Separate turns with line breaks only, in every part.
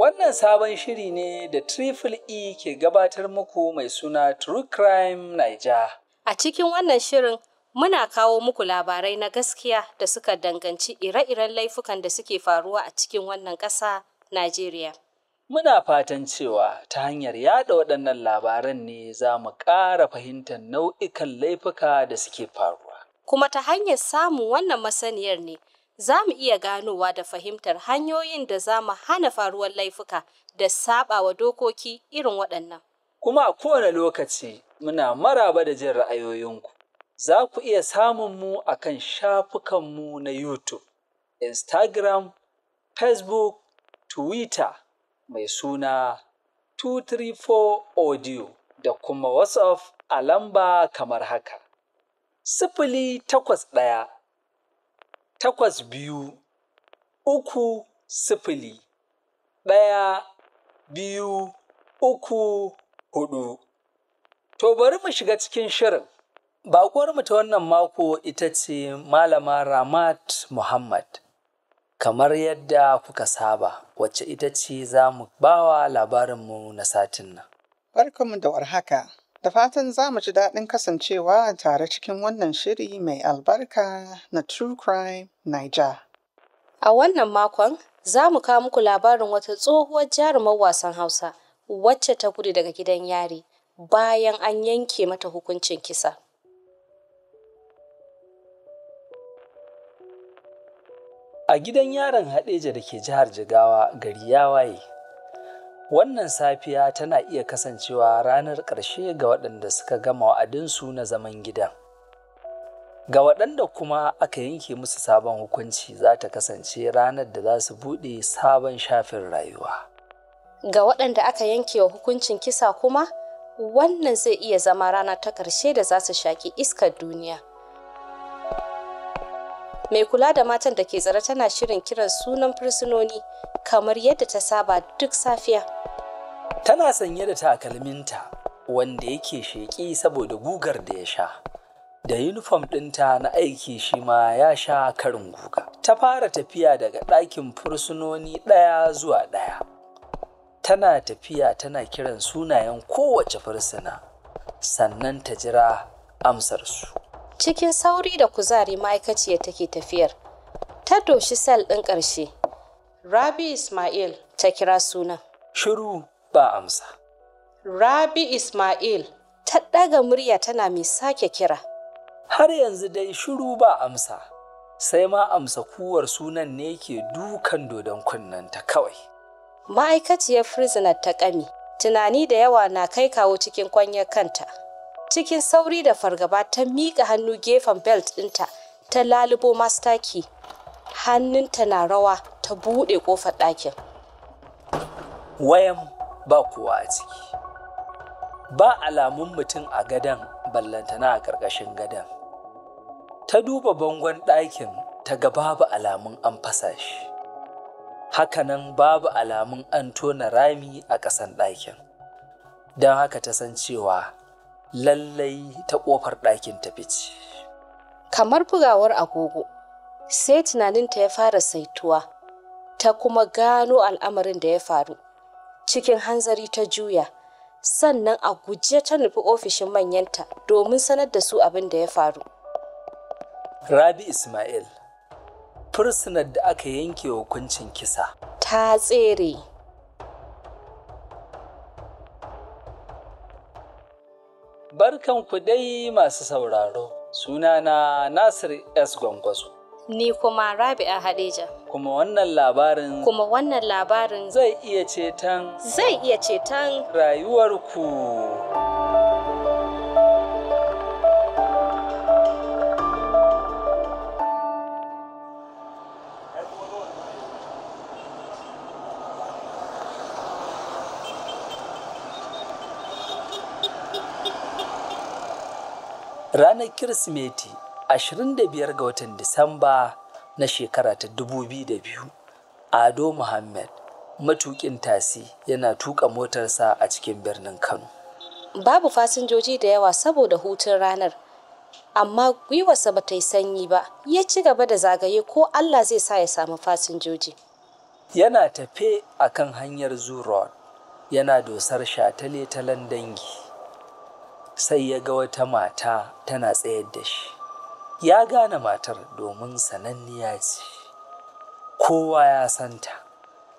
Wannan sabon shiri ne da Triple E ke gabatar muku mai suna True Crime Naija. A cikin
wannan shirin muna kawo muku labarai na gaskiya da suka danganci ire-iren laifukan da suke faruwa a cikin wannan ƙasa Najeriya.
Muna fatan cewa ta hanyar yada waɗannan labaran ne za mu ƙara fahimtar nau'ikan laifuka da suke faruwa.
Kuma ta hanyar samun wannan masaniyar ne za mu iya ganowa da fahimtar hanyoyin da za mu hana faruwar laifuka da saɓawa dokoki irin waɗannan.
Kuma a kowane lokaci muna maraba da jin ra'ayoyinku. Za ku iya samun mu a kan shafukanmu na YouTube, Instagram, Facebook, Twitter. mai suna 234 audio da kuma WhatsApp a lamba kamar haka. Sifili takwas ɗaya, takwas biyu, uku sifili, ɗaya biyu uku hudu. To bari mu shiga cikin shirin. Baƙuwarmu ta wannan mako ita ce Malama Ramat Muhammad. kamar yadda kuka saba wacce ita ce za mu bawa labarinmu na satin nan. Barkanmu da warhaka,
da fatan za mu ji daɗin kasancewa tare cikin wannan shiri mai albarka na True Crime Niger.
A wannan makon, za mu kawo muku labarin wata tsohuwar jarumar wasan Hausa wacce ta gudu daga gidan yari bayan an yanke mata hukuncin kisa.
A gidan yaron Hadeja da ke jihar Jigawa gari ya waye. Wannan safiya tana iya kasancewa ranar ƙarshe ga waɗanda suka gama wa'adinsu na zaman gidan. Ga waɗanda kuma aka yanke musu sabon hukunci za ta kasance ranar da za su buɗe sabon shafin rayuwa.
Ga waɗanda aka yanke wa hukuncin kisa kuma, wannan zai iya zama rana ta ƙarshe da za su shaƙi iskar duniya. mai kula da matan da ke tsare tana shirin kiran sunan fursunoni kamar yadda ta saba duk safiya
tana sanye da takalminta wanda yake sheƙi saboda gugar da ya sha da yunifom ɗinta na aiki shi ma ya sha karin guga ta fara tafiya daga ɗakin fursunoni ɗaya zuwa ɗaya tana tafiya tana kiran sunayen kowace fursuna sannan ta jira amsarsu cikin sauri
da kuzari ma'aikaciya take tafiyar ta doshi sel ɗin ƙarshe rabi ismail ta kira sunan
shiru ba amsa
rabi ismail ta ɗaga murya tana mai sake kira
har yanzu dai shiru ba amsa sai ma amsa kuwar sunan ne ke dukan dodon kunnanta kawai
ma'aikaciyar prisoner ta ƙami tunani da yawa na kai kawo cikin kwanyar kanta cikin sauri da fargaba ta miƙa hannu gefen belt ɗinta ta lalubo mastaki hannunta na rawa ta buɗe
ƙofar ɗakin wayan ba kowa a ciki ba alamun mutum a gadon ballantana a ƙarƙashin gadon ta duba bangon ɗakin ta ga babu alamun an fasa shi hakanan babu alamun an tona rami a ƙasan ɗakin don haka ta san cewa lallai ta ƙofar ɗakin ta fice.
Kamar bugawar agogo, sai tunaninta ya fara saituwa, ta kuma gano al'amarin da ya faru. Cikin hanzari ta juya, sannan a guje ta nufi ofishin manyanta domin sanar da su abin da ya faru.
Rabi Ismail, fursunar da aka yanke hukuncin kisa. Ta tsere. Barkanku dai masu sauraro, sunana Nasir S. Gwangwazo.
Ni kuma Rabi'a Hadeja.
Kuma wannan labarin. Kuma
wannan labarin.
Zai iya ceton. Zai iya ceton. Rayuwarku. ranar Kirsimeti 25 ga watan Disamba na shekara ta 2002, Ado Muhammad matukin tasi yana tuka motarsa a cikin birnin Kano.
Babu fasinjoji da yawa saboda hutun ranar, amma gwiwarsa ba ta yi sanyi ba, ya ci gaba da zagaye ko Allah zai sa ya samu fasinjoji.
Yana tafe a kan hanyar Zoo yana dosar shatale ta landangi. sai ya ga wata mata tana tsayar da shi ya gane matar domin sananniya ce kowa ya santa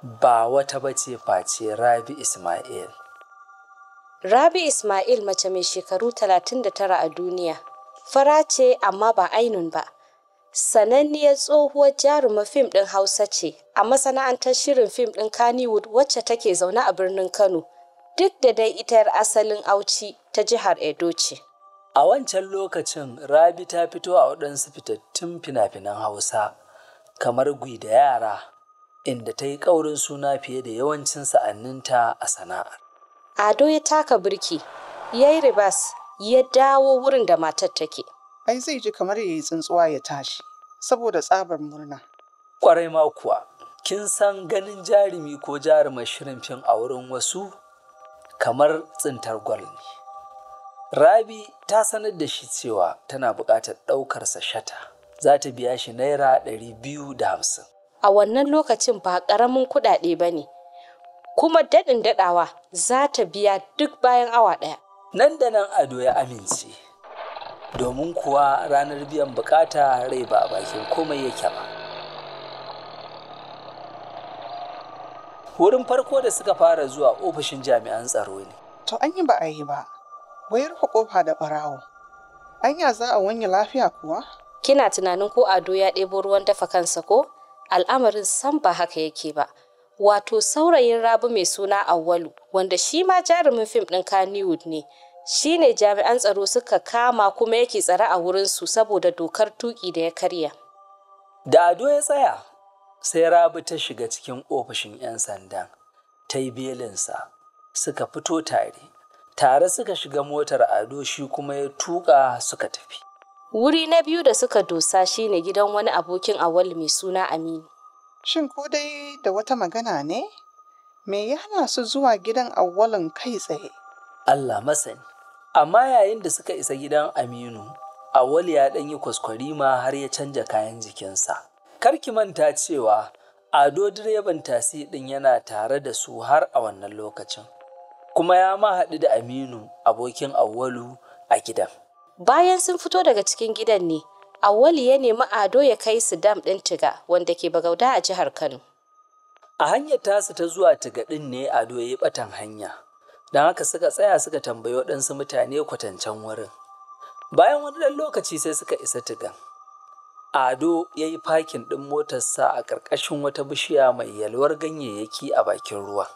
ba wata bace face rabi ismail
rabi ismail mace mai shekaru 39 a duniya fara ce amma ba ainun ba sananniyar tsohuwar jaruma fim ɗin hausa ce a masana'antar shirin fim ɗin kannywood wacce take zaune a birnin kano duk da dai ita asalin auci ta jihar Edo ce.
A wancan lokacin Rabi ta fito a waɗansu fitattun fina-finan Hausa kamar gwi da yara inda ta yi ƙaurin suna fiye da yawancin sa'anninta a sana'ar.
Ado ya taka birki,
ya yi ribas, ya dawo wurin da matar take. Ai zai ji kamar ya yi tsuntsuwa ya tashi,
saboda tsabar murna. Ƙwarai ma kuwa, kin san ganin jarumi ko jarumar shirin fim a wurin wasu kamar tsintar gwal ne rabi ta sanar da shi cewa tana buƙatar ɗaukarsa shata za ta biya shi naira ɗari biyu da hamsin
a wannan lokacin ba ƙaramin kuɗaɗe ba ne kuma daɗin daɗawa za ta biya duk bayan
awa ɗaya nan da nan ado ya amince domin kuwa ranar biyan bukata rai ba a bakin komai yake ba Wurin farko da suka fara zuwa ofishin jami'an tsaro ne. To an yi ba
a yi ba, wayar ku kofa da barawo. Anya za a wanye lafiya kuwa?
Kina tunanin ko Ado ya ɗebo ruwan dafa kansa ko? Al'amarin san ba haka yake ba. Wato saurayin rabu mai suna Awwalu, wanda shi ma jarumin fim ɗin Kannywood ne. Shi ne jami'an tsaro suka kama kuma yake tsare a wurinsu saboda dokar tuƙi da ya karya.
Da Ado ya tsaya, sai rabi ta shiga cikin ofishin 'yan sandan ta yi belinsa suka fito tare tare suka shiga motar ado shi kuma ya tuka suka tafi
wuri na biyu da suka dosa shine gidan wani abokin awal mai suna aminu shin ko dai da
wata magana ne me ya hana su zuwa gidan awalin kai tsaye
allah masani amma yayin da suka isa gidan aminu awal ya ɗan yi kwaskwarima har ya canja kayan jikinsa Kar ki manta cewa ado direban tasi ɗin yana tare da su har a wannan lokacin, kuma ya ma haɗu da Aminu abokin Auwalu a gidan.
Bayan sun fito daga cikin gidan ne, Auwalu ya nemi ado ya kai su dam ɗin tiga wanda ke bagauda a jihar Kano.
A hanyar tasu ta zuwa tiga ɗin ne ado ya yi ɓatan hanya, don haka suka tsaya suka tambayi waɗansu mutane kwatancen wurin. Bayan wani ɗan lokaci sai suka isa tigan. Ado ya yi fakin ɗin motarsa a ƙarƙashin wata bishiya mai yalwar ganyayyaki a bakin ruwa.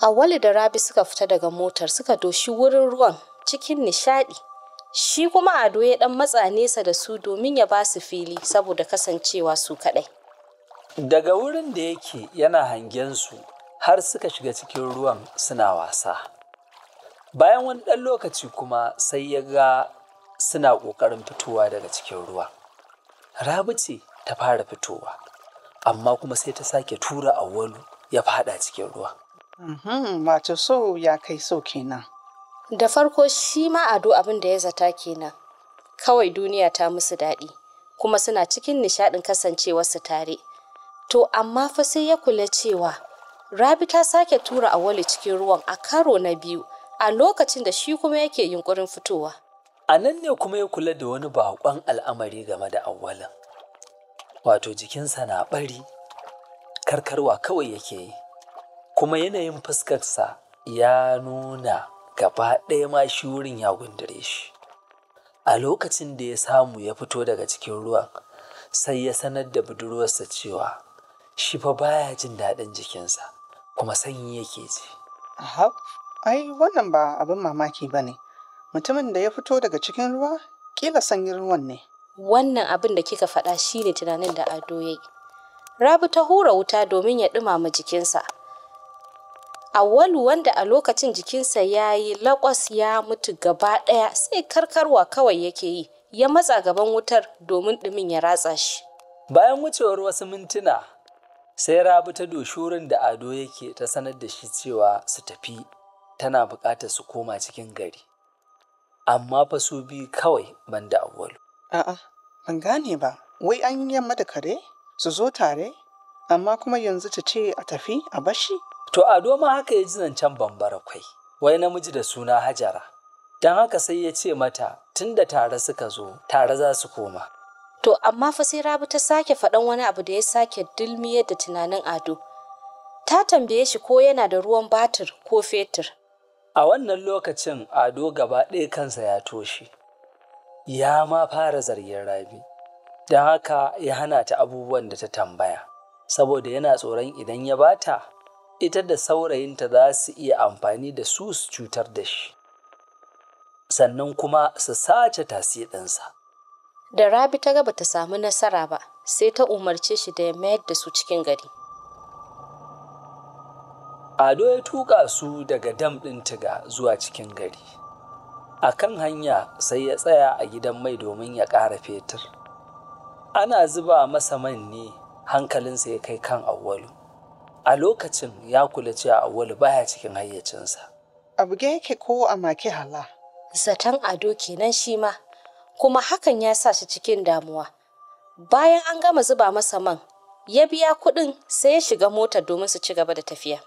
Awali da Rabi suka fita daga motar suka doshi wurin ruwan cikin nishaɗi. Shi kuma Ado ya ɗan matsa nesa da su domin ya ba su fili saboda kasancewa su kaɗai.
Daga wurin da yake yana hangen su har suka shiga cikin ruwan suna wasa. Bayan wani ɗan lokaci kuma sai ya ga suna ƙoƙarin fitowa daga cikin ruwa. rabi ce ta fara fitowa amma kuma sai ta sake tura awwalu ya fada cikin ruwa
mhm, wato so ya kai so kenan
da farko shi ma ado abin da ya zata kenan kawai duniya ta musu daɗi kuma suna cikin nishaɗin kasancewarsu tare to amma fa sai ya kula cewa rabi ta sake tura Auwalu cikin ruwan a karo na biyu a lokacin da shi kuma yake yunkurin fitowa
a nan ne kuma ya kula da wani baƙon al'amari game da awwalin wato jikinsa na ɓari karkarwa kawai yake yi kuma yanayin fuskarsa ya nuna gaba ɗaya ma shi wurin ya gundure shi a lokacin da ya samu ya fito daga cikin ruwan sai ya sanar da budurwarsa cewa shi fa baya jin daɗin jikinsa kuma sanyi yake ji. ai wannan ba abin
mamaki ba ne mutumin da ya fito daga cikin ruwa kila sanyin ruwan ne wannan
abin da kika faɗa shine tunanin da ado ya yi rabi ta hura wuta domin ya ɗumama jikinsa walu wanda a lokacin jikinsa ya yi lakwas ya mutu gaba ɗaya sai karkarwa kawai yake yi ya matsa gaban wutar domin
ɗumin ya ratsa shi bayan wucewar wasu mintuna sai rabi ta doshi wurin da ado yake ta sanar da shi cewa su tafi tana buƙatar su koma cikin gari amma fa su biyu kawai ban da awwalu. A'a, ban gane ba, wai an yi yamma da kare su zo tare, amma kuma yanzu ta ce a tafi a bashi? To a ma haka ya ji zancen bambara kwai, wai namiji da suna Hajara. Don haka sai ya ce mata tun da tare suka zo, tare za su koma.
To amma fa sai Rabi ta
sake faɗan wani abu da ya sake dulmiyar da tunanin Ado.
Ta tambaye shi ko yana da ruwan batir ko fetur.
a wannan lokacin ado gaba ɗaya kansa ya toshe ya ma fara zargin rabi don haka ya hana ta abubuwan da ta tambaya saboda yana tsoron idan ya bata ita da saurayinta za su iya amfani da su su cutar da shi sannan kuma su sace ɗinsa.
da rabi ta gaba ta samu nasara ba sai ta umarce shi da ya mayar da su cikin gari
ado ya tuƙa su daga dam ɗin tiga zuwa cikin gari a kan hanya sai ya tsaya a gidan mai domin ya ƙara fetur ana zuba masa man ne hankalinsa ya kai kan awwalu a lokacin ya kula cewa awwalu baya cikin hayyacinsa abu yake ko a
maki
hala zaton ado kenan shi ma kuma hakan ya sa shi cikin damuwa bayan an gama zuba masa man ya biya kuɗin sai ya shiga mota domin su ci gaba da tafiya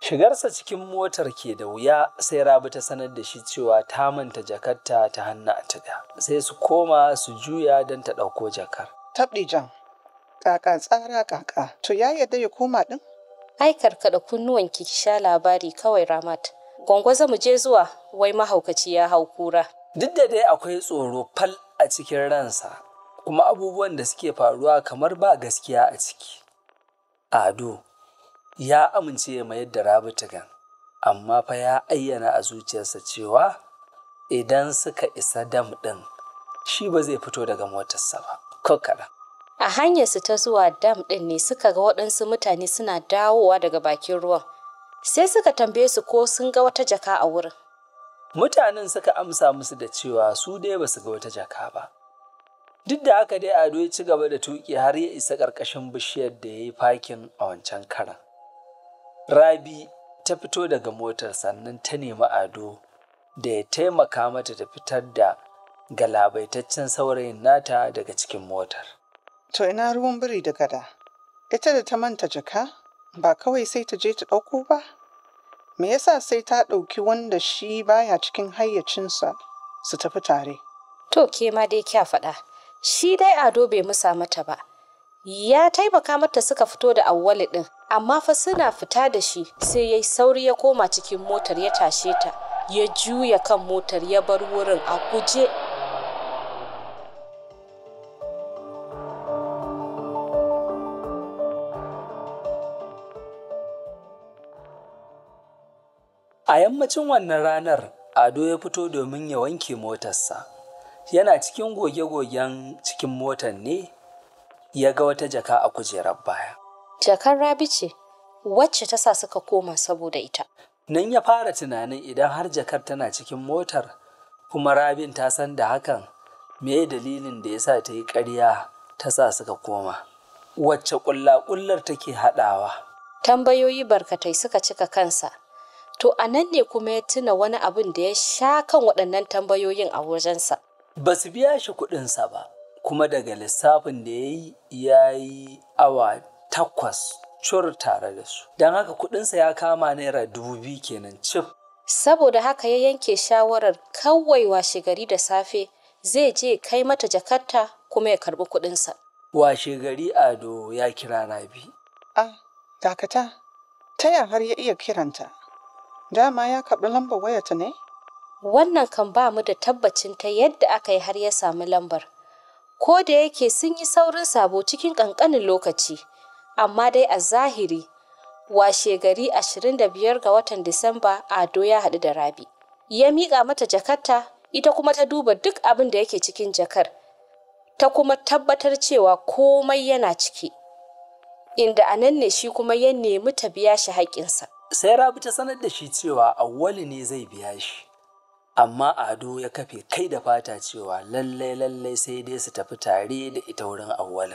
Shigarsa cikin motar ke da wuya sai Rabi ta sanar da shi cewa ta manta jakarta ta hannu a tuga. Sai su koma su juya don ta ɗauko jakar. Tabɗi jan, kaka
tsara kaka, to ya yarda ya koma ɗin?
Ai karkada kunnuwan ki sha labari kawai Ramat. Gwangwaza mu je zuwa, wai mahaukaci ya hau kura.
Duk da dai akwai tsoro fal a cikin ransa, kuma abubuwan da suke faruwa kamar ba gaskiya a ciki. Ado, ya amince ya mayar da rabi tigan amma fa ya ayyana a zuciyarsa cewa idan suka isa dam ɗin shi ba zai fito daga motarsa ba ko kaɗan
a hanyarsu ta zuwa dam ɗin ne suka ga waɗansu mutane suna dawowa daga bakin ruwan sai suka tambaye su ko sun ga wata jaka a wurin
mutanen suka amsa musu da cewa su dai ba su ga wata jaka ba duk da haka dai ado ya ci gaba da tuƙi har ya isa ƙarƙashin bishiyar da ya yi fakin a wancan karan rabi ta fito daga motar sannan ta nemi ado da ya taimaka mata da fitar da galabaitaccen saurayin nata daga cikin motar. To ina ruwan biri da gada, ita da ta manta jaka ba
kawai sai ta je ta ɗauko ba? Me yasa sai ta ɗauki wanda shi baya cikin hayyacinsa su tafi tare? To ke ma dai
kya faɗa, shi dai ado bai musa mata ba, ya taimaka mata suka fito da awwali din amma fa suna fita da shi sai yayi sauri ya koma cikin motar ya tashe ta ya juya kan motar ya bar wurin a guje
A yammacin wannan ranar, Ado ya fito domin ya wanke motarsa. Yana cikin goge-gogen cikin motar ne ya ga wata jaka a kujerar baya.
Jakar rabi ce, wacce ta sa suka koma saboda ita.
Nan ya fara tunanin idan har jakar tana cikin motar, kuma rabin ta san da hakan, me dalilin da ya sa ta yi ƙarya ta sa suka koma. Wacce ƙulla-ƙullar take haɗawa.
Tambayoyi barkatai suka cika kansa. To a nan ne kuma ya tuna wani abin da ya sha kan waɗannan tambayoyin a wajensa.
Ba su biya shi kuɗinsa ba. kuma daga lissafin da ya yi ya yi awa takwas cur tare da su don haka kuɗinsa ya kama naira dubu biyu kenan cif
saboda haka ya yanke shawarar kawai washe gari da safe zai je kai mata jakarta kuma ya karbi
kudinsa washe gari ado ya kira rabi a dakata
Ta ya har ya iya kiranta dama ya karbi lambar wayata ne
wannan kan ba mu da tabbacin ta yadda aka yi har ya samu lambar ko da yake sun yi saurin sabo cikin ƙanƙanin lokaci amma dai a zahiri washe gari 25 ga watan Disamba Ado ya haɗu da Rabi. Ya miƙa mata jakarta, ita kuma ta duba duk abin da yake cikin jakar, ta kuma tabbatar cewa komai yana ciki. Inda a nan ne shi kuma ya nemi ta biya shi haƙƙinsa.
Sai Rabi ta sanar da shi cewa Awwali ne zai biya shi. amma ado ya kafe kai da fata cewa lallai lallai sai dai su tafi tare da ita wurin Auwalu.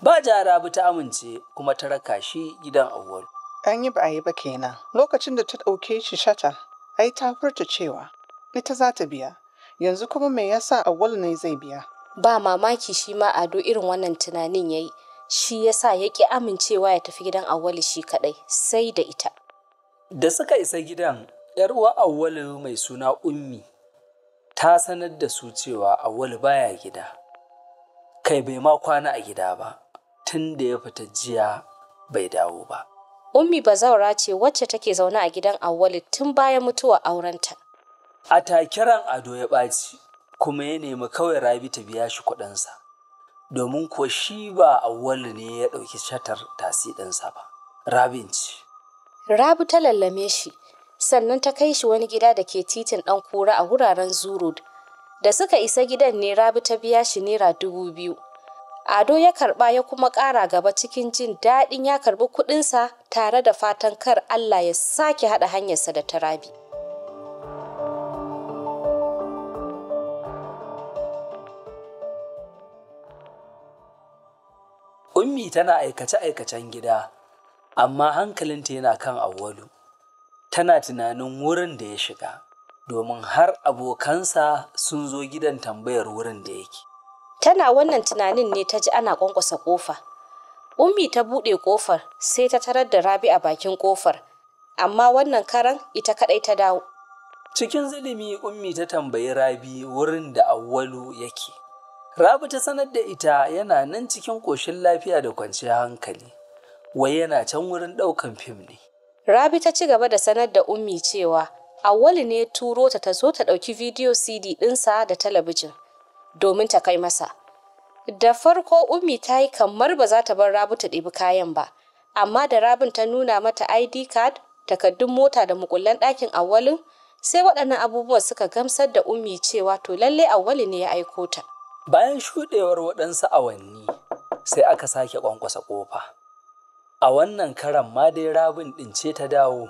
ba jarabu ta amince kuma ta raka shi gidan awwal an yi ba ba kenan lokacin da ta ɗauke shi shata ai ta furta
cewa ita za ta biya yanzu kuma me yasa awwal ne zai biya ba mamaki
shi ma ado irin wannan tunanin ya yi shi yasa ya ƙi amincewa ya tafi gidan awwal shi kaɗai sai da ita
da suka isa gidan ‘yar uwa Auwalu mai suna Ummi ta sanar da su cewa Auwalu baya gida, kai bai ma kwana a gida ba, tun da ya fita jiya bai dawo ba.
Ummi bazaura ce wacce take zaune a gidan Auwalu tun bayan mutuwa aurenta.
A takiran ado ya ɓaci, kuma ya nemi kawai Rabi ta biya shi kuɗinsa, domin ko shi ba Auwalu ne ya ɗauki shatar tasi ɗinsa ba, Rabin ce.
Rabi ta lallame shi, sannan ta kai shi wani gida da ke titin ɗan kura a wuraren zurud da suka isa gidan ne rabi ta biya shi naira dubu biyu ado ya karba ya kuma ƙara gaba cikin jin daɗin ya karbi kuɗinsa tare da fatan kar allah ya sake haɗa hanyarsa da ta rabi
ummi tana aikace-aikacen gida amma hankalinta yana kan awwalu tana tunanin wurin da ya shiga domin har abokansa sun zo gidan tambayar wurin da yake. Tana
wannan tunanin ne ta ji ana ƙwanƙwasa ƙofa. Ummi ta buɗe ƙofar, sai ta tarar da rabi a bakin ƙofar, amma wannan karan ita kaɗai ta dawo.
Cikin zulumi Ummi ta tambayi rabi wurin da awwalu yake. Rabi ta sanar da ita yana nan cikin ƙoshin lafiya da kwanciyar hankali, wai yana can wurin ɗaukan fim ne.
Rabi ta ci gaba da sanar da Ummi cewa awali ne turo ta ta zo ta ɗauki bidiyo CD ɗinsa da talabijin domin ta kai masa. Da farko Ummi ta yi kamar ba za ta bar Rabi ta ɗebi kayan ba, amma da Rabin ta nuna mata ID card, takardun mota da mukullan ɗakin awalin sai waɗannan abubuwan suka gamsar da Ummi cewa to lalle Awwalu ne ya aiko ta.
Bayan shuɗewar waɗansu awanni, sai aka sake ƙwanƙwasa ƙofa. A wannan karan ma dai rabin ɗin ce ta dawo.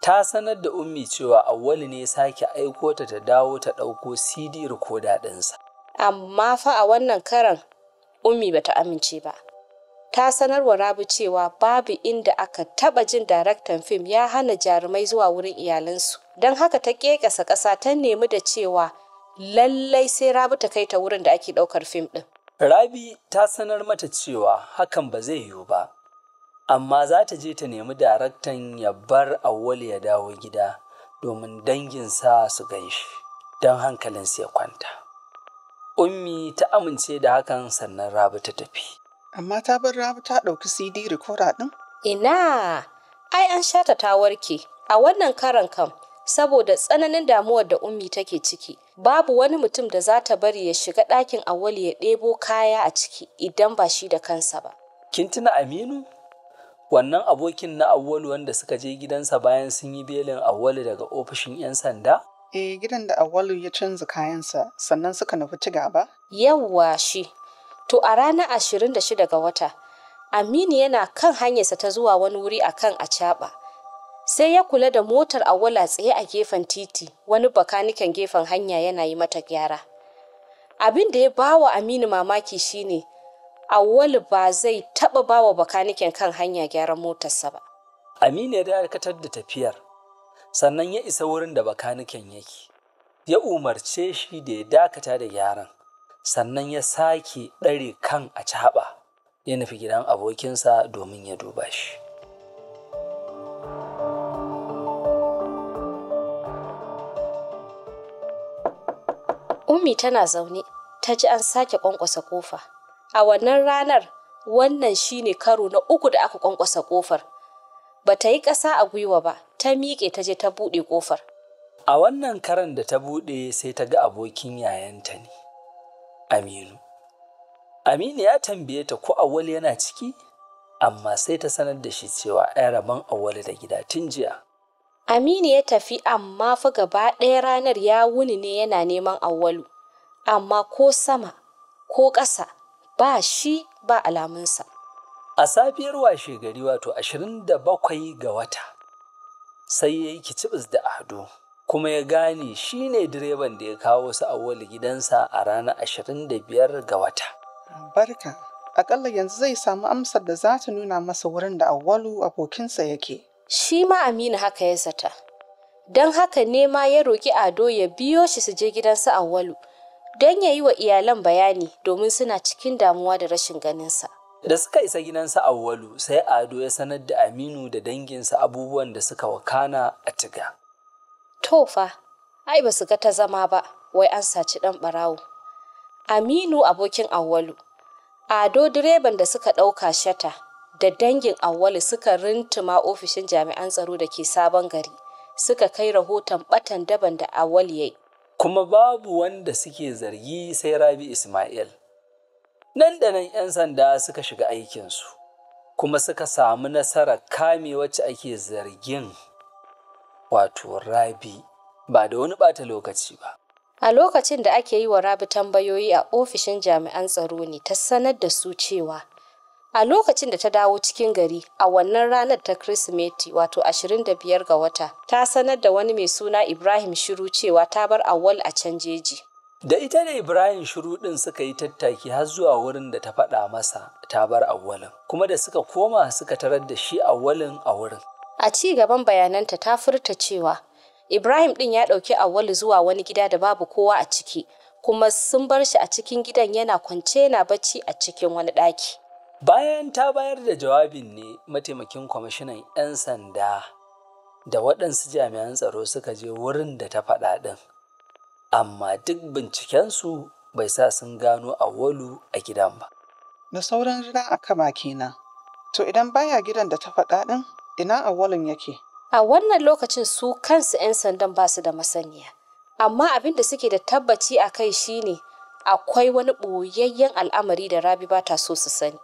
Ta sanar da ummi cewa awwalu ne sake aiko ta ta dawo ta ɗauko CD rikoda ɗinsa.
Amma fa a wannan karan ummi bata amince ba. Ta sanar wa rabu cewa babu inda aka taɓa jin daraktan fim ya hana jarumai zuwa wurin iyalansu. Don haka ta ƙeƙasa ƙasa ta nemi da cewa lallai sai rabu ta kai ta wurin da ake ɗaukar fim
ɗin. Rabi ta sanar mata cewa hakan ba zai yiwu ba, amma za ta je ta nemi daraktan ya bar awwal ya dawo gida domin danginsa su gan shi don hankalinsa ya kwanta. Ummi ta amince da hakan sannan Rabi ta tafi. Amma ta bar Rabi ta ɗauki
CD recorder ɗin?
Ina, ai an shata ta warke a wannan karan kam saboda tsananin damuwar da ummi take ciki. Babu wani mutum da za ta bari ya shiga ɗakin awali ya ɗebo kaya a ciki idan ba shi da kansa ba.
Kin tuna Aminu? wannan abokin na awwalu wanda suka je gidansa bayan sun yi belin awwalu daga ofishin 'yan sanda? Eh gidan da awwalu ya canza kayansa sannan suka nufi ci gaba?
Yawwa shi. To a ranar ashirin da shida ga wata, Aminu yana kan hanyarsa ta zuwa wani wuri a kan acaɓa. Sai ya kula da motar awwala tsaye a gefen titi wani bakaniken gefen hanya yana yi mata gyara. Abin da ya bawa Aminu mamaki shine Awwalu ba zai taɓa bawa bakaniken kan hanya gyaran
motarsa ba. Aminu ya dakatar da tafiyar, sannan ya isa wurin da bakaniken yake. Ya umarce shi da ya dakata da gyaran, sannan ya sake ɗare kan a caɓa, ya nufi gidan abokinsa domin ya duba shi.
Ummi tana zaune, ta ji an sake ƙwanƙwasa kofa. A wannan ranar, wannan shine karo na uku da aka kwankwasa kofar. Ba ta yi ƙasa a gwiwa ba, ta miƙe ta je ta buɗe kofar.
A wannan karan da ta buɗe sai ta ga abokin yayanta ne, Aminu. Aminu ya tambaye ta ko awali yana ciki, amma sai ta sanar da shi cewa ‘yan rabon awali da gida tun jiya.
Aminu ya tafi amma fa gaba ɗaya ranar ya wuni ne yana neman awalu amma ko sama ko ƙasa ba shi ba alamunsa.
A safiyar washe gari wato ashirin da bakwai ga wata, sai ya yi kicibis da ado, kuma ya gane shi ne direban da ya kawo su Auwalu gidansa a ranar biyar ga wata.
Barka, akalla yanzu zai samu amsar da za ta nuna masa wurin da awwalu abokinsa yake. Shi ma Aminu haka ya zata.
Don haka ne ma ya roƙi Ado ya biyo shi su je gidansa awwalu. don ya yi wa iyalan bayani domin suna cikin damuwa da rashin ganinsa.
Da suka isa gidansa awwalu sai Ado ya sanar da Aminu da danginsa abubuwan da suka wakana a tiga.
Tofa, ai ba su ga ta zama ba, wai an saci ɗan ɓarawo. Aminu abokin Auwalu, Ado direban da suka ɗauka shata da dangin Auwalu suka rintuma ofishin jami'an tsaro da ke sabon gari, suka kai rahoton ɓatan daban
da Auwalu ya yi. kuma babu wanda suke zargi sai rabi Ismail. Nan da nan ‘yan sanda suka shiga aikinsu, kuma suka samu nasarar kame wacce ake zargin wato rabi ba da wani ɓata lokaci ba.
A lokacin da ake yi wa rabi tambayoyi a ofishin jami'an tsaro ne ta sanar da su cewa A lokacin da ta dawo cikin gari a wannan ranar ta Kirsimeti wato 25 ga wata, ta sanar da wani mai suna Ibrahim Shiru cewa ta bar Awwal a can jeji.
Da ita da Ibrahim Shiru din suka yi tattaki har zuwa wurin da ta faɗa masa ta bar Awwalin, kuma da suka koma suka tarar da shi Awwalin a wurin.
A ci gaban bayananta ta furta cewa Ibrahim din ya ɗauki Awwalu zuwa wani gida da babu kowa a ciki, kuma sun bar shi a cikin gidan yana kwance yana bacci a cikin wani ɗaki.
bayan ta bayar da jawabin ne mataimakin kwamishinan 'yan sanda da waɗansu jami'an tsaro suka je wurin da ta faɗa ɗin amma duk bincikensu bai sa sun gano awwalu a gidan ba
da sauran rina a kama kenan to idan baya gidan da ta faɗa ɗin ina awwalin yake
a wannan lokacin su kansu 'yan sandan ba su da masaniya amma abin da suke da tabbaci a kai shine akwai wani ɓoyayyen al'amari da rabi ba ta so su sani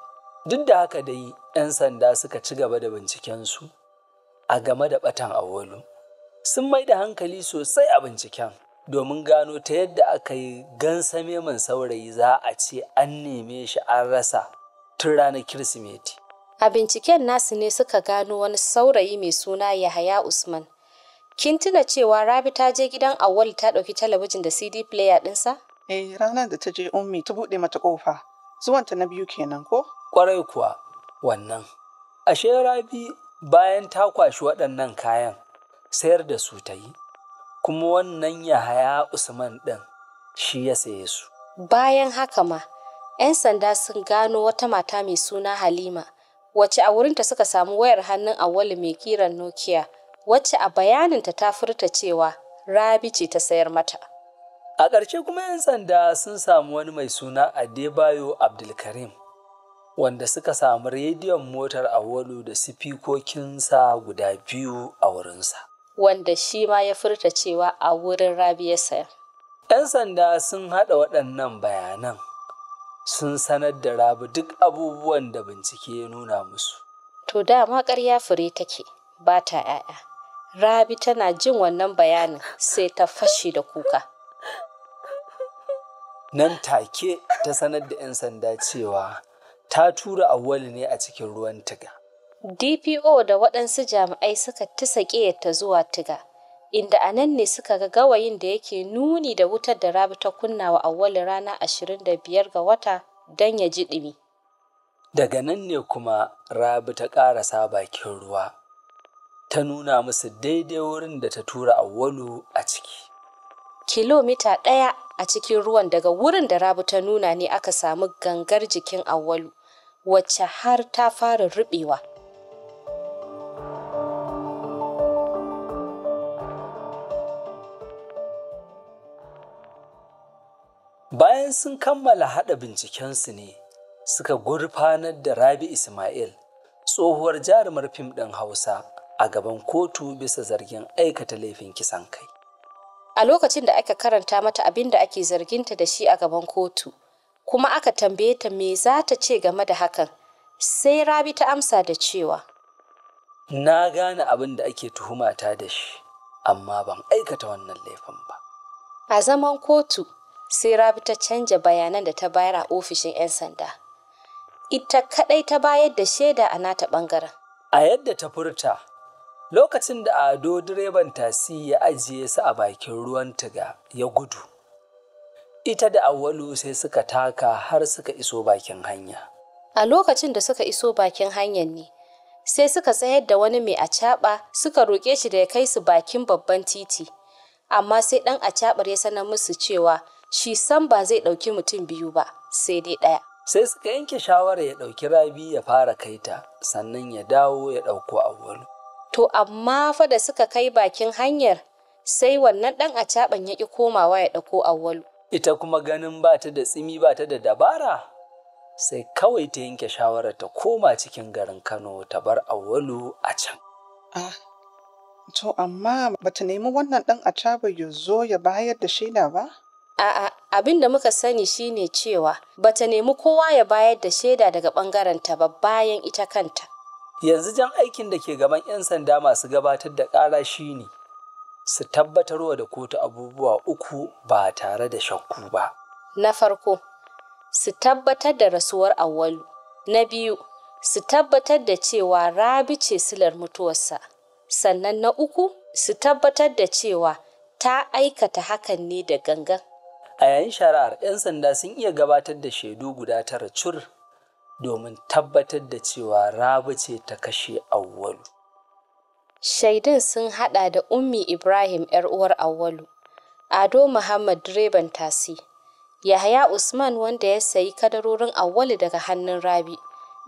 duk da haka dai 'yan sanda suka ci gaba da bincikensu a game da batan awolu sun mai da hankali sosai a binciken domin gano ta yadda aka yi gansame mai saurayi za a ce an neme shi an rasa tun ranar kirsimeti
a binciken nasu ne suka gano wani saurayi mai suna yahaya usman kin tuna cewa rabi ta je gidan awal ta ɗauki talabijin da cd player ɗinsa
eh ranar da ta je ummi ta buɗe mata ƙofa
zuwanta na biyu kenan ko Kwarai kuwa wannan. Ashe rabi bayan ta kwashi waɗannan kayan sayar da su ta yi, kuma wannan ya haya Usman ɗin shi ya saye su.
Bayan haka ma, 'yan sanda sun gano wata mata mai suna Halima, wacce a wurinta suka samu wayar hannun awali mai kiran Nokia, wacce a bayaninta ta furta cewa Rabi ce ta sayar mata.
A ƙarshe kuma 'yan sanda sun samu wani mai suna Adebayo Abdulkarim, wanda suka samu rediyon motar awolu da sifikokinsa guda biyu a wurinsa.
Wanda shi ma ya furta cewa a wurin rabi ya saya.
'Yan sanda sun haɗa waɗannan bayanan sun sanar da rabu duk abubuwan da bincike ya nuna musu.
To dama ƙarya fure take ba ta 'ya'ya. Rabi tana jin wannan bayanin sai ta fashi da kuka.
Nan take ta sanar da 'yan sanda cewa ta tura awwali ne a cikin ruwan tiga.
DPO da waɗansu jami'ai suka ta ta zuwa tiga, inda a nan ne suka ga gawayin da yake nuni da wutar da rabi ta kunna wa awwali rana biyar ga wata don ya ji ɗumi.
Daga nan ne kuma rabi ta ƙarasa bakin ruwa, ta nuna musu daidai wurin da ta tura awwalu a ciki.
Kilomita ɗaya a cikin ruwan daga wurin da rabu ta nuna ne aka samu gangar jikin awwalu. wacce har ta fara rubewa.
Bayan sun kammala haɗa bincikensu ne suka gurfanar da Rabi Ismail, tsohuwar jarumar fim ɗin Hausa a gaban kotu bisa zargin aikata laifin kisan kai.
A lokacin da aka karanta mata abin da ake zarginta da shi a gaban kotu, kuma aka tambaye ta me za ta ce game da hakan sai rabi ta amsa da cewa
na gane abin da ake tuhumata da shi amma ban aikata wannan laifin ba
a zaman kotu sai rabi ta canja bayanan da ta bayar a ofishin 'yan sanda ita kadai ta bayar da shaida a nata bangaren
a yadda ta furta lokacin da ado direban tasi ya ajiye su a bakin ruwan ga ya gudu ita da awwalu sai suka taka har suka iso bakin hanya.
A lokacin da suka iso bakin hanyar ne, sai suka tsayar da wani mai acaɓa suka roƙe shi da ya kai su bakin babban titi. Amma sai ɗan acaɓar ya sanar musu cewa shi san ba zai ɗauki mutum biyu ba, sai dai
ɗaya. Sai suka yanke shawarar ya ɗauki rabi ya fara kai ta, sannan ya dawo ya ɗauko awwalu.
To amma fa da suka kai bakin hanyar, sai wannan ɗan acaɓan ya ƙi komawa ya ɗauko awwalu.
ita kuma ganin ba ta da tsimi ba ta da dabara sai kawai ta yanke shawarar ta koma cikin garin kano ta bar awwalu a can ah to amma
ba ta nemi wannan ɗan acaba ya zo ya bayar da shaida ba A'a,
abin da muka sani shine cewa ba ta nemi kowa ya bayar da shaida daga ɓangarenta ba bayan ita kanta.
Yanzu jan aikin da ke gaban 'yan sanda masu gabatar da ƙara shine su tabbatarwa da kotu abubuwa uku ba tare da shakku ba.
Na farko, su tabbatar da rasuwar awalu. Na biyu, su tabbatar da cewa rabi ce silar mutuwarsa. Sannan na uku, su tabbatar da cewa ta aikata hakan ne da gangan.
A yayin shari'ar 'yan sanda sun iya gabatar da shaidu guda tara cur domin tabbatar da cewa rabi ce ta kashe awwalu.
Shaidun sun haɗa da Ummi Ibrahim ‘yar uwar Awalu, Ado Muhammad direban tasi, Yahaya Usman wanda ya sayi kadarorin Awalu daga hannun Rabi,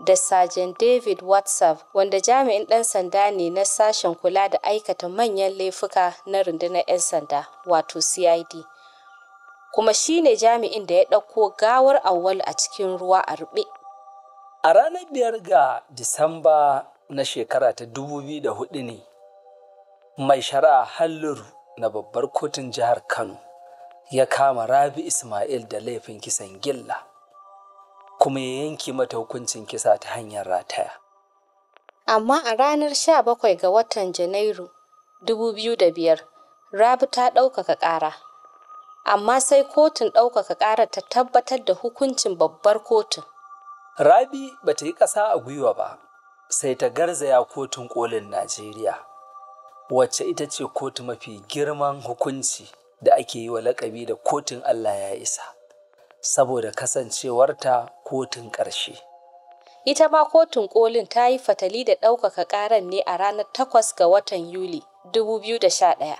da Sajan David WhatsApp wanda jami'in ɗan sanda ne na sashen kula da aikata manyan laifuka na rundunar 'yan sanda wato CID. Kuma shi ne jami'in da ya ɗauko gawar Auwalu a cikin ruwa a ruɓe.
A ranar biyar ga Disamba na shekara ta dubu biyu da hudu ne mai shari'a halluru na babbar kotun jihar kano ya kama rabi ismail da laifin kisan gilla kuma ya yanke mata hukuncin kisa ta hanyar rataya
amma a ranar sha bakwai ga watan janairu 2005 rabi ta ɗaukaka ƙara amma sai kotun ɗaukaka ƙara ta tabbatar da hukuncin babbar
kotun rabi bata yi ƙasa a gwiwa ba sai ta garzaya kotun kolin Najeriya, wacce ita ce kotu mafi girman hukunci da ake yi wa laƙabi da kotun Allah ya isa, saboda kasancewarta kotun ƙarshe.
Ita ma kotun kolin ta yi fatali da ɗaukaka ƙaran ne a ranar takwas ga watan Yuli 2011.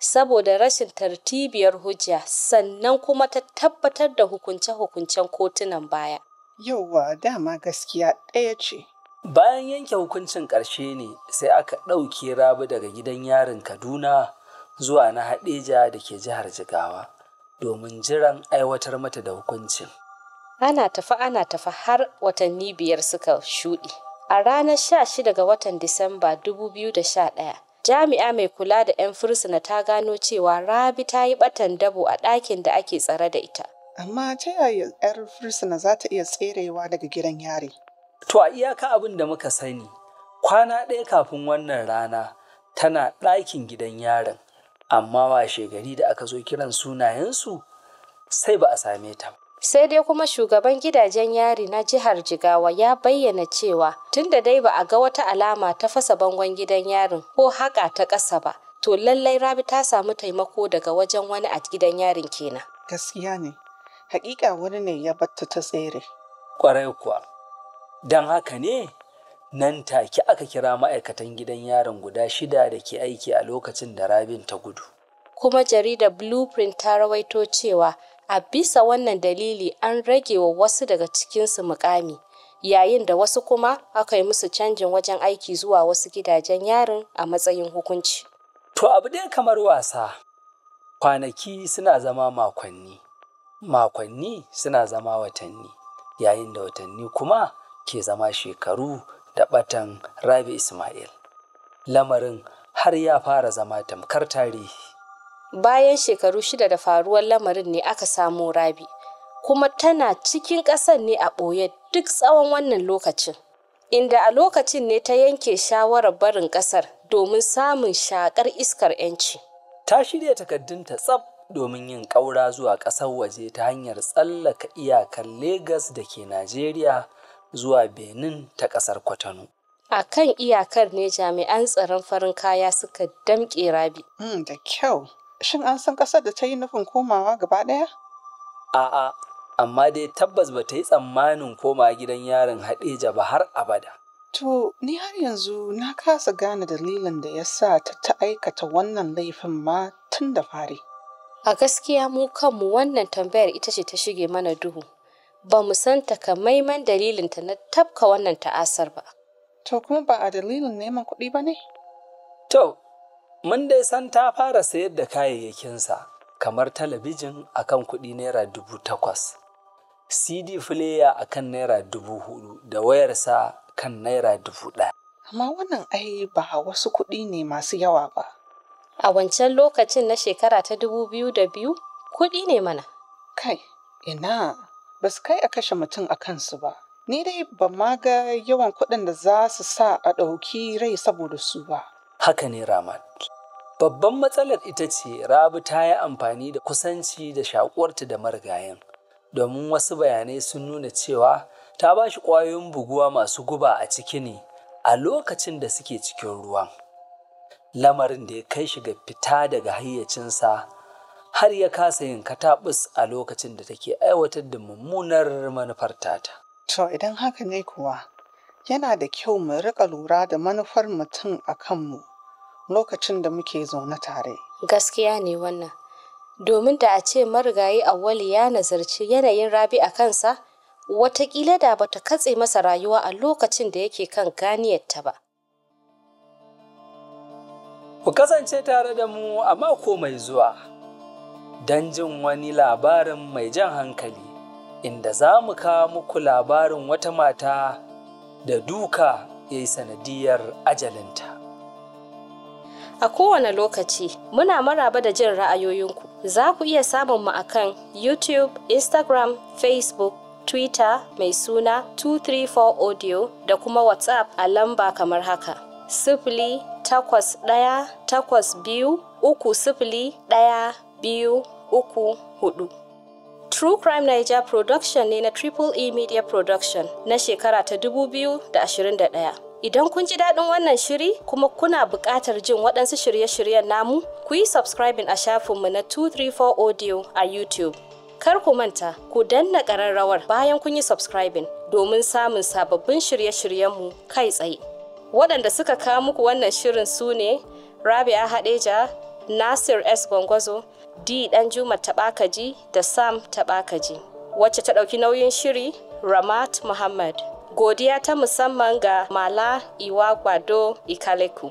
saboda rashin tartibiyar hujja sannan kuma ta tabbatar da hukunce-hukuncen kotunan
baya. Yauwa dama gaskiya ɗaya ce. bayan yanke hukuncin ƙarshe ne sai aka ɗauke rabu daga gidan yarin kaduna zuwa na haɗeja da ke jihar jigawa domin jiran aiwatar mata da hukuncin
ana tafi ana tafi har watanni biyar suka shuɗe a ranar 16 ga watan disamba 2011 jami'a mai kula da 'yan fursuna ta gano cewa rabi ta yi batan dabo a ɗakin da ake tsare da ita
amma ta yaya 'yar fursuna za
ta iya tserewa daga gidan yari To a iyaka abin da muka sani, kwana ɗaya kafin wannan rana tana ɗakin gidan yaron, amma washe gari da aka zo kiran sunayensu sai ba a same ta
sai dai kuma shugaban gidajen yari na jihar jigawa ya bayyana cewa tun da dai ba a ga wata alama ta fasa bangon gidan yarin ko haƙa ta ƙasa ba to lallai rabi ta samu taimako daga wajen wani a gidan yarin kenan
gaskiya ne hakika wani ne ya batta ta tsere
kwarai kuwa don haka ne nan take aka kira ma'aikatan gidan yaron guda shida da ke aiki a lokacin da rabin ta gudu
kuma jaridar blueprint ta rawaito cewa a bisa wannan dalili an rage wa wasu daga cikinsu mukami yayin da wasu kuma aka yi musu canjin wajen aiki zuwa wasu gidajen yarin a matsayin hukunci
to abu dai kamar wasa kwanaki suna zama makonni makonni suna zama watanni yayin da watanni kuma ke zama shekaru da batan rabi ismail lamarin har ya fara zama tamkar tarihi
bayan shekaru shida da faruwar lamarin ne aka samo rabi kuma tana cikin ƙasar ne a ɓoye duk tsawon wannan lokacin inda a lokacin ne ta yanke shawarar barin ƙasar domin samun shakar iskar 'yanci
ta shirya takardunta tsab domin yin ƙaura zuwa ƙasar waje ta hanyar tsallaka iyakar Legas da ke Najeriya zuwa Benin ta ƙasar Kwatano.
A kan iyakar ne jami'an tsaron farin kaya suka damƙe rabi. Hmm, da kyau. Shin an san
ƙasar da ta yi nufin komawa gaba ɗaya?
A'a, amma dai tabbas ba ta yi tsammanin koma gidan yarin haɗeja ba har abada.
To, ni har yanzu na kasa gane dalilin da ya sa ta ta aikata wannan laifin ma tun da fari. A gaskiya mu kanmu wannan tambayar ita ce ta shige mana duhu. ba mu san
takamaiman dalilinta na tafka wannan ta'asar ba. To kuma ba a dalilin neman
kuɗi ba ne? To, mun dai san ta fara sayar da kayayyakinsa kamar talabijin a kan kuɗi naira dubu takwas, CD fileya kan naira dubu hudu da wayarsa kan naira dubu ɗaya.
Amma wannan ai ba wasu kuɗi ne masu yawa ba. A wancan lokacin na shekara ta
dubu biyu da biyu kuɗi ne mana. Kai, ina. ba su kai a kashe mutum
a kansu ba. Ni dai ba ma ga yawan kuɗin da za su sa a ɗauki rai
saboda su ba. Haka ne Ramat. Babban matsalar ita ce Rabi ta yi amfani da kusanci da shakuwarta da marigayen, domin wasu bayanai sun nuna cewa ta ba shi ƙwayoyin buguwa masu guba a ciki ne a lokacin da suke cikin ruwan. Lamarin da ya kai shi ga fita daga hayyacinsa har ya kasa yin kataɓus a lokacin da take aiwatar da mummunar manufar tata. To idan haka ne kuwa, yana da kyau mu riƙa lura da manufar
mutum a kanmu lokacin da muke zaune tare. Gaskiya ne wannan.
Domin da a ce marigayi Auwalu ya nazarci yanayin rabi a kansa, watakila da bata katse masa rayuwa a lokacin da yake kan ganiyarta ba.
Ku kasance tare da mu a mako mai zuwa. don jin wani labarin mai jan hankali inda za mu kawo muku labarin wata mata da duka ya yi sanadiyar ajalinta.
A kowane lokaci muna maraba da jin ra'ayoyinku za ku iya samun mu akan YouTube, Instagram, Facebook, Twitter mai suna 234 Audio da kuma WhatsApp a lamba kamar haka. Sifili takwas ɗaya takwas biyu uku sifili ɗaya biyu uku hudu True Crime Niger Production ne na Triple E Media Production na shekara ta 2021. Idan kun ji daɗin wannan shiri kuma kuna buƙatar jin waɗansu shirye-shiryen namu, ku yi subscribing a shafinmu na 234 Audio a YouTube. Kar ku manta, ku danna ƙararrawar bayan kun yi subscribing domin samun sababbin shirye-shiryenmu kai tsaye. Waɗanda suka kawo muku wannan shirin su ne Rabia Hadeja, Nasir S. Gwangwazo, D Danjuma Tabakaji da Sam Tabakaji, wacce ta ɗauki nauyin shiri Ramat Muhammad. Godiya ta musamman ga Mala iwagwado Ikaleku.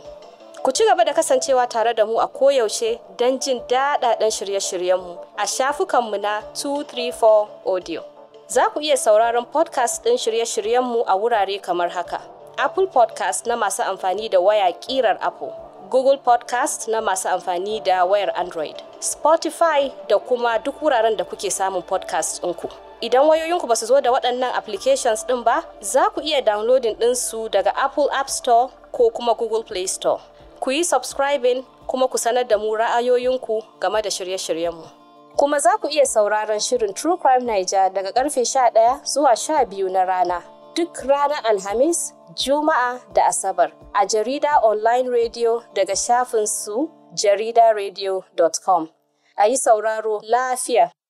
Ku ci gaba da kasancewa tare da mu a koyaushe don jin daɗaɗen shirye-shiryenmu a shafukanmu na 234 Audio. Za ku iya sauraron podcast ɗin shirye-shiryenmu a wurare kamar haka. Apple podcast na masu amfani da waya ƙirar Apple. Google Podcast na masu amfani da wayar Android, Spotify da kuma duk wuraren da kuke samun podcast ɗinku. Idan wayoyinku ba su zo da waɗannan applications ɗin ba, za ku iya downloading ɗinsu daga Apple App Store ko kuma Google Play Store. Ku yi subscribing kuma ku sanar da mu ra'ayoyinku game da shirye-shiryenmu. kuma za ku iya sauraron shirin True Crime Niger daga karfe 11 zuwa 12 na rana. duk ranar Alhamis, Juma'a da Asabar a Jarida Online Radio daga shafin su jaridaradio.com. A yi sauraro lafiya.